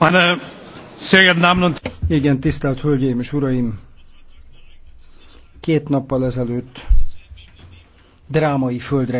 Meine sehr geehrten Damen und Igen, tisztelt Hölgyeim és Uraim! Két nappal ezelőtt drámai földre